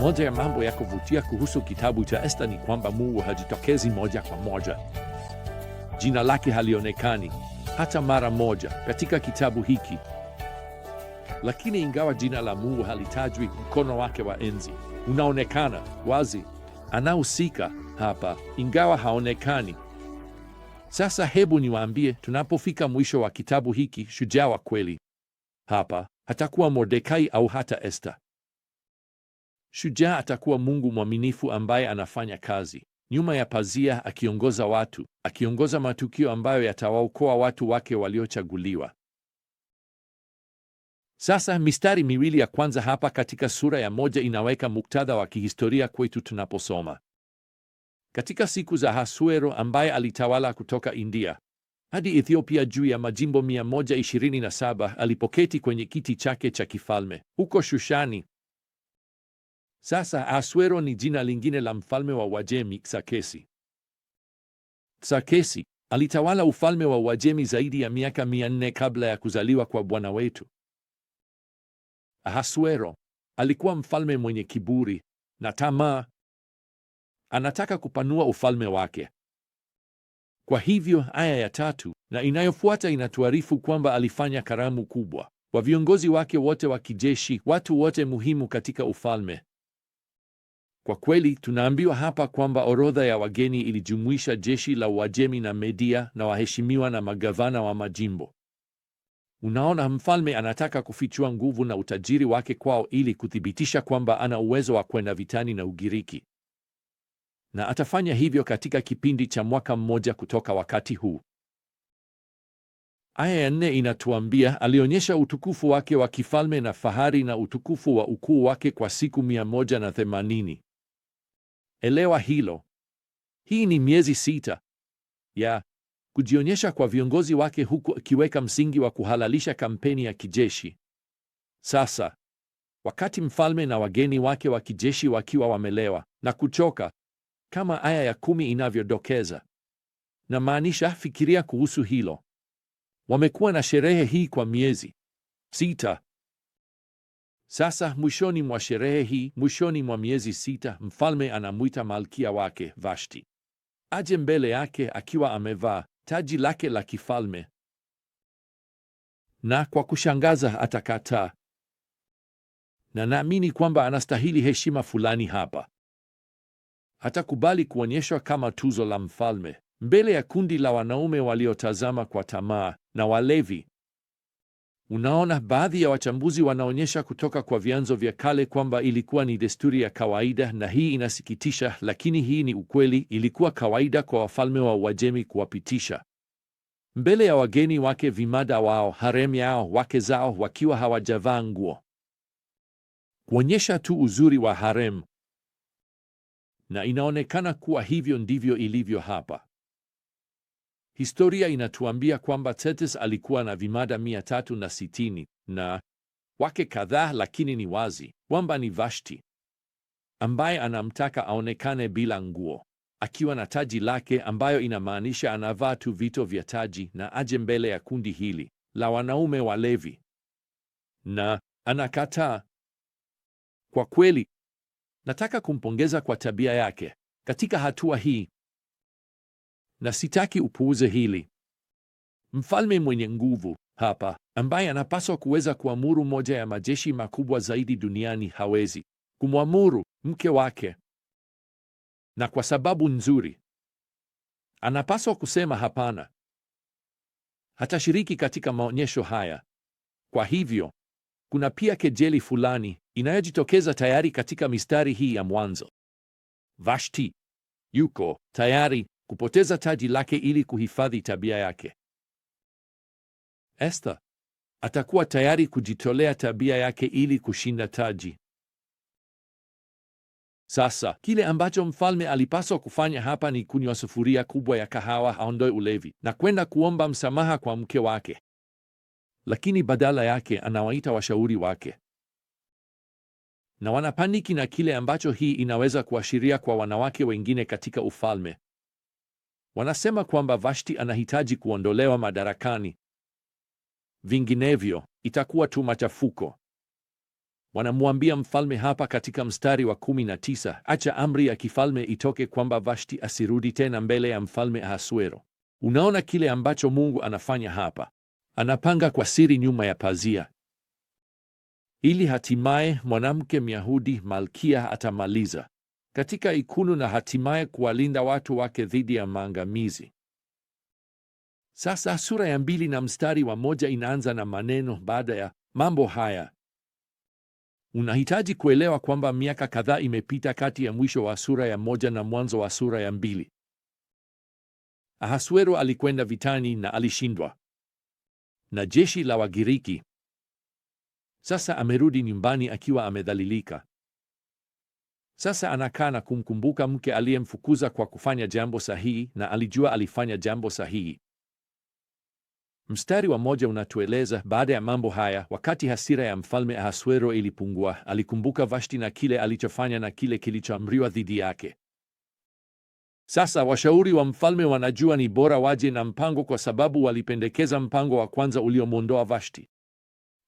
Moja ya mambo ya kuvutia kuhusu kitabu cha Esta ni kwamba Mungu hajitokezi moja kwa moja. Jina lake halionekani hata mara moja katika kitabu hiki, lakini ingawa jina la Mungu halitajwi, mkono wake wa enzi unaonekana wazi. Anahusika hapa, ingawa haonekani. Sasa hebu niwaambie, tunapofika mwisho wa kitabu hiki, shujaa wa kweli hapa hatakuwa Mordekai au hata Esta. Shujaa atakuwa Mungu mwaminifu ambaye anafanya kazi nyuma ya pazia, akiongoza watu, akiongoza matukio ambayo yatawaokoa watu wake waliochaguliwa. Sasa mistari miwili ya kwanza hapa katika sura ya moja inaweka muktadha wa kihistoria kwetu tunaposoma katika siku za Hasuero ambaye alitawala kutoka India hadi Ethiopia juu ya majimbo 127 alipoketi kwenye kiti chake cha kifalme huko Shushani, sasa Asuero ni jina lingine la mfalme wa Wajemi sakesi sakesi alitawala ufalme wa Wajemi zaidi ya miaka 400 kabla ya kuzaliwa kwa Bwana wetu. Ahasuero alikuwa mfalme mwenye kiburi na tamaa. Anataka kupanua ufalme wake. Kwa hivyo aya ya tatu na inayofuata inatuarifu kwamba alifanya karamu kubwa kwa viongozi wake wote wa kijeshi, watu wote muhimu katika ufalme kwa kweli tunaambiwa hapa kwamba orodha ya wageni ilijumuisha jeshi la Uajemi na Media na waheshimiwa na magavana wa majimbo. Unaona, mfalme anataka kufichua nguvu na utajiri wake kwao ili kuthibitisha kwamba ana uwezo wa kwenda vitani na Ugiriki, na atafanya hivyo katika kipindi cha mwaka mmoja kutoka wakati huu. Aya ya nne inatuambia alionyesha utukufu wake wa kifalme na fahari na utukufu wa ukuu wake kwa siku mia moja na themanini. Elewa hilo. Hii ni miezi sita ya kujionyesha kwa viongozi wake, huku akiweka msingi wa kuhalalisha kampeni ya kijeshi. Sasa wakati mfalme na wageni wake wa kijeshi wakiwa wamelewa na kuchoka, kama aya ya kumi inavyodokeza, na maanisha, fikiria kuhusu hilo. Wamekuwa na sherehe hii kwa miezi sita. Sasa mwishoni mwa sherehe hii, mwishoni mwa miezi sita, mfalme anamwita malkia wake Vashti aje mbele yake akiwa amevaa taji lake la kifalme, na kwa kushangaza atakataa, na naamini kwamba anastahili heshima fulani hapa. atakubali kuonyeshwa kama tuzo la mfalme mbele ya kundi la wanaume waliotazama kwa tamaa na walevi. Unaona, baadhi ya wachambuzi wanaonyesha kutoka kwa vyanzo vya kale kwamba ilikuwa ni desturi ya kawaida, na hii inasikitisha, lakini hii ni ukweli. Ilikuwa kawaida kwa wafalme wa Uajemi kuwapitisha mbele ya wageni wake vimada wao, harem yao, wake zao, wakiwa hawajavaa nguo, kuonyesha tu uzuri wa harem, na inaonekana kuwa hivyo ndivyo ilivyo hapa. Historia inatuambia kwamba Tetis alikuwa na vimada mia tatu na sitini na wake kadhaa, lakini ni wazi kwamba ni Vashti ambaye anamtaka aonekane bila nguo akiwa na taji lake, ambayo inamaanisha anavaa tu vito vya taji na aje mbele ya kundi hili la wanaume walevi, na anakataa. Kwa kweli, nataka kumpongeza kwa tabia yake katika hatua hii na sitaki upuuze hili. Mfalme mwenye nguvu hapa ambaye anapaswa kuweza kuamuru moja ya majeshi makubwa zaidi duniani hawezi kumwamuru mke wake, na kwa sababu nzuri, anapaswa kusema hapana. Hatashiriki katika maonyesho haya. Kwa hivyo kuna pia kejeli fulani inayojitokeza tayari katika mistari hii ya mwanzo. Vashti yuko tayari kupoteza taji lake ili kuhifadhi tabia yake. Esta atakuwa tayari kujitolea tabia yake ili kushinda taji. Sasa kile ambacho mfalme alipaswa kufanya hapa ni kunywa sufuria kubwa ya kahawa, aondoe ulevi na kwenda kuomba msamaha kwa mke wake, lakini badala yake anawaita washauri wake na wanapaniki na kile ambacho hii inaweza kuashiria kwa wanawake wengine katika ufalme. Wanasema kwamba Vashti anahitaji kuondolewa madarakani, vinginevyo itakuwa tu machafuko. Wanamwambia mfalme hapa katika mstari wa 19, acha amri ya kifalme itoke kwamba Vashti asirudi tena mbele ya mfalme Ahasuero. Unaona kile ambacho Mungu anafanya hapa, anapanga kwa siri nyuma ya pazia, ili hatimaye mwanamke Myahudi malkia atamaliza katika ikulu na hatimaye kuwalinda watu wake dhidi ya maangamizi. Sasa sura ya mbili na mstari wa moja inaanza na maneno baada ya mambo haya. Unahitaji kuelewa kwamba miaka kadhaa imepita kati ya mwisho wa sura ya moja na mwanzo wa sura ya mbili. Ahasuero alikwenda vitani na alishindwa na jeshi la Wagiriki. Sasa amerudi nyumbani akiwa amedhalilika. Sasa anakaa na kumkumbuka mke aliyemfukuza kwa kufanya jambo sahihi, na alijua alifanya jambo sahihi. Mstari wa moja unatueleza baada ya mambo haya, wakati hasira ya mfalme Ahasuero ilipungua, alikumbuka Vashti na kile alichofanya na kile kilichoamriwa dhidi yake. Sasa washauri wa mfalme wanajua ni bora waje na mpango, kwa sababu walipendekeza mpango wa kwanza uliomwondoa Vashti.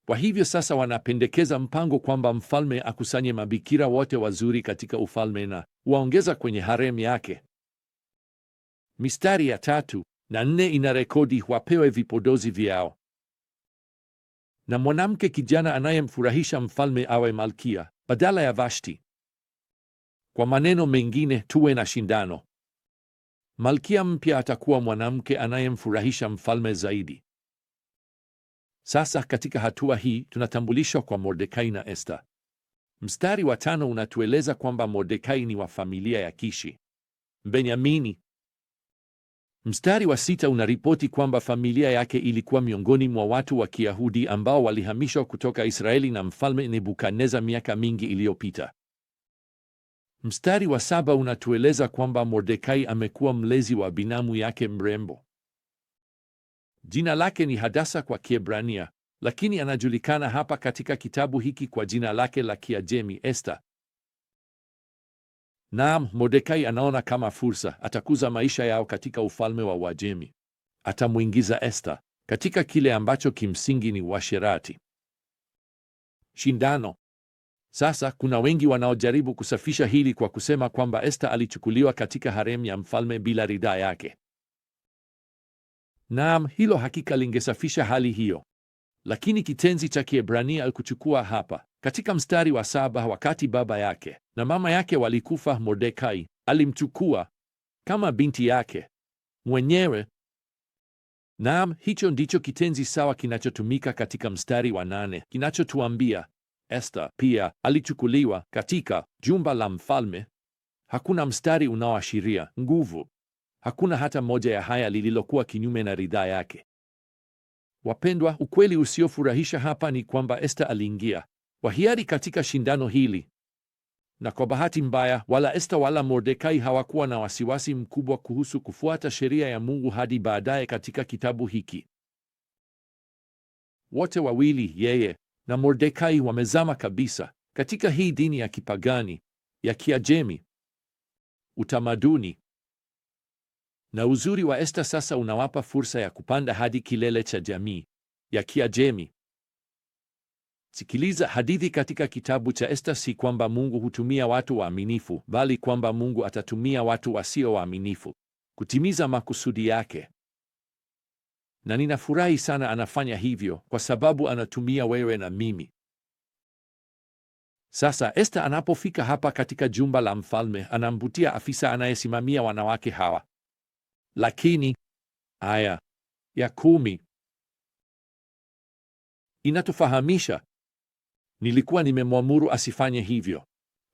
Kwa hivyo sasa wanapendekeza mpango kwamba mfalme akusanye mabikira wote wazuri katika ufalme na waongeza kwenye harem yake. Mistari ya tatu na nne ina rekodi wapewe vipodozi vyao na mwanamke kijana anayemfurahisha mfalme awe malkia badala ya Vashti. Kwa maneno mengine, tuwe na shindano. Malkia mpya atakuwa mwanamke anayemfurahisha mfalme zaidi. Sasa katika hatua hii tunatambulishwa kwa Mordekai na Esta. Mstari wa tano unatueleza kwamba Mordekai ni wa familia ya Kishi Benyamini. Mstari wa sita unaripoti kwamba familia yake ilikuwa miongoni mwa watu wa Kiyahudi ambao walihamishwa kutoka Israeli na mfalme Nebukadneza miaka mingi iliyopita. Mstari wa saba unatueleza kwamba Mordekai amekuwa mlezi wa binamu yake mrembo Jina lake ni Hadasa kwa Kiebrania, lakini anajulikana hapa katika kitabu hiki kwa jina lake la Kiajemi Esta. Naam, Mordekai anaona kama fursa, atakuza maisha yao katika ufalme wa Wajemi. Atamwingiza Esta katika kile ambacho kimsingi ni uasherati. Shindano. Sasa kuna wengi wanaojaribu kusafisha hili kwa kusema kwamba Esta alichukuliwa katika harem ya mfalme bila ridhaa yake. Naam, hilo hakika lingesafisha hali hiyo, lakini kitenzi cha Kiebrania alikuchukua hapa katika mstari wa saba. Wakati baba yake na mama yake walikufa, Mordekai alimchukua kama binti yake mwenyewe. Naam, hicho ndicho kitenzi sawa kinachotumika katika mstari wa nane kinachotuambia Esta pia alichukuliwa katika jumba la mfalme. Hakuna mstari unaoashiria nguvu Hakuna hata moja ya haya lililokuwa kinyume na ridhaa yake. Wapendwa, ukweli usiofurahisha hapa ni kwamba Esta aliingia kwa hiari katika shindano hili, na kwa bahati mbaya, wala Esta wala Mordekai hawakuwa na wasiwasi mkubwa kuhusu kufuata sheria ya Mungu hadi baadaye katika kitabu hiki. Wote wawili, yeye na Mordekai, wamezama kabisa katika hii dini ya kipagani ya Kiajemi, utamaduni na uzuri wa Esta sasa unawapa fursa ya kupanda hadi kilele cha jamii ya Kiajemi. Sikiliza hadithi katika kitabu cha Esta, si kwamba Mungu hutumia watu waaminifu, bali kwamba Mungu atatumia watu wasio waaminifu kutimiza makusudi yake. Na ninafurahi sana anafanya hivyo kwa sababu anatumia wewe na mimi. Sasa Esta anapofika hapa katika jumba la mfalme, anamvutia afisa anayesimamia wanawake hawa lakini aya ya kumi inatufahamisha nilikuwa nimemwamuru asifanye hivyo.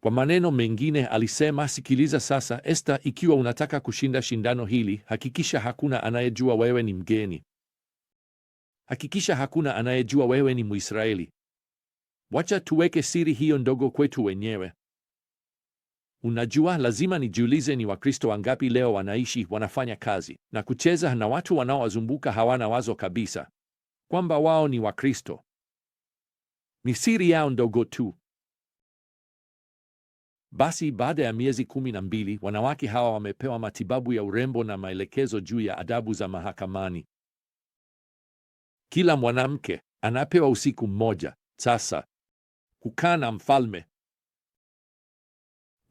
Kwa maneno mengine alisema, sikiliza sasa Esta, ikiwa unataka kushinda shindano hili, hakikisha hakuna anayejua wewe ni mgeni, hakikisha hakuna anayejua wewe ni Mwisraeli. Wacha tuweke siri hiyo ndogo kwetu wenyewe. Unajua, lazima nijiulize ni Wakristo wangapi leo wanaishi, wanafanya kazi na kucheza na watu wanaowazunguka hawana wazo kabisa kwamba wao ni Wakristo. Ni siri yao ndogo tu. Basi baada ya miezi kumi na mbili wanawake hawa wamepewa matibabu ya urembo na maelekezo juu ya adabu za mahakamani. Kila mwanamke anapewa usiku mmoja sasa kukaa na mfalme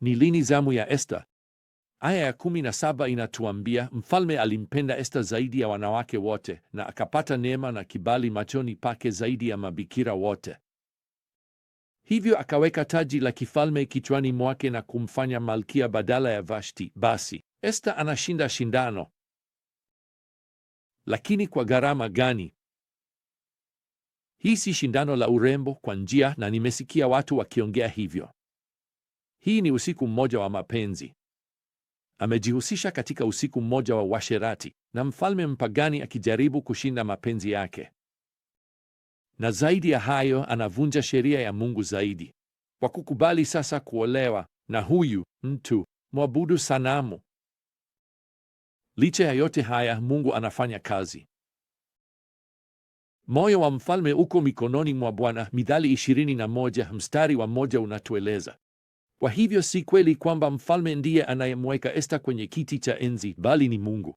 ni lini zamu ya Esta? Aya ya kumi na saba inatuambia mfalme alimpenda Esta zaidi ya wanawake wote, na akapata neema na kibali machoni pake zaidi ya mabikira wote. Hivyo akaweka taji la kifalme kichwani mwake na kumfanya malkia badala ya Vashti. Basi Esta anashinda shindano, lakini kwa gharama gani? Hii si shindano la urembo kwa njia, na nimesikia watu wakiongea hivyo. Hii ni usiku mmoja wa mapenzi. Amejihusisha katika usiku mmoja wa washerati na mfalme mpagani akijaribu kushinda mapenzi yake, na zaidi ya hayo, anavunja sheria ya Mungu zaidi kwa kukubali sasa kuolewa na huyu mtu mwabudu sanamu. Licha ya yote haya, Mungu anafanya kazi. Moyo wa mfalme uko mikononi mwa Bwana, Midhali 21 mstari wa moja unatueleza. Kwa hivyo si kweli kwamba mfalme ndiye anayemweka Esta kwenye kiti cha enzi, bali ni Mungu.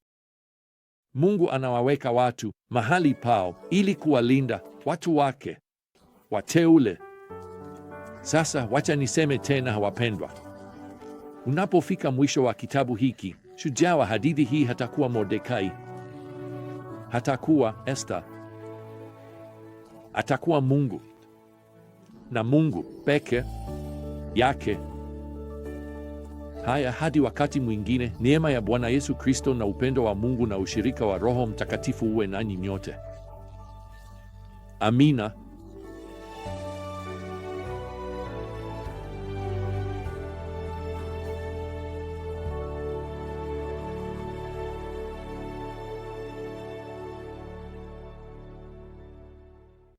Mungu anawaweka watu mahali pao ili kuwalinda watu wake wateule. Sasa wacha niseme tena, wapendwa, unapofika mwisho wa kitabu hiki, shujaa wa hadithi hii hatakuwa Mordekai, hatakuwa Esta, atakuwa Mungu na Mungu peke yake. Haya, hadi wakati mwingine, neema ya Bwana Yesu Kristo na upendo wa Mungu na ushirika wa Roho Mtakatifu uwe nanyi nyote. Amina.